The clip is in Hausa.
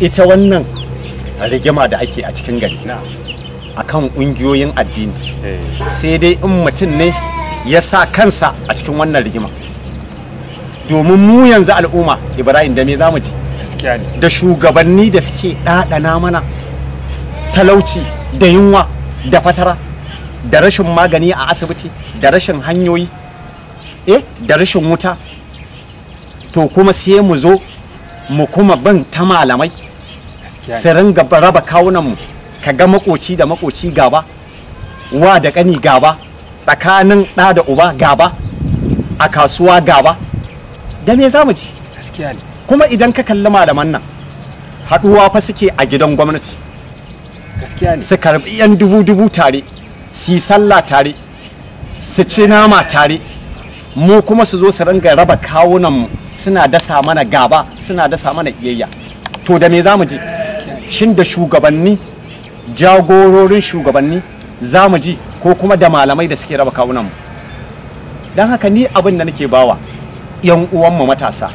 ita wannan rigima da ake a cikin gari a kan ƙungiyoyin addini sai dai in mutum ne ya sa kansa a cikin wannan rigima domin mu yanzu al'umma ibrahim da me za mu ji da shugabanni da suke ɗaɗana mana talauci da yunwa da fatara da rashin magani a asibiti da rashin hanyoyi eh da rashin wuta to kuma sai mu zo mu kuma bin ta malamai su ringa raba kawunan mu ka ga makoci da makoci gaba wa da kani gaba tsakanin ɗa da uba gaba a kasuwa gaba da me za mu ci kuma idan ka kalli malaman nan haɗuwa fa suke a gidan gwamnati su karɓi 'yan dubu-dubu tare su yi sallah tare su ci nama tare mu kuma su zo su ringa raba kawunan suna dasa mana gaba suna dasa mana iyayya to da me za mu je shin da shugabanni jagororin shugabanni za ji ko kuma da malamai da suke raba mu? don haka ni abin da nake bawa 'yan uwanmu matasa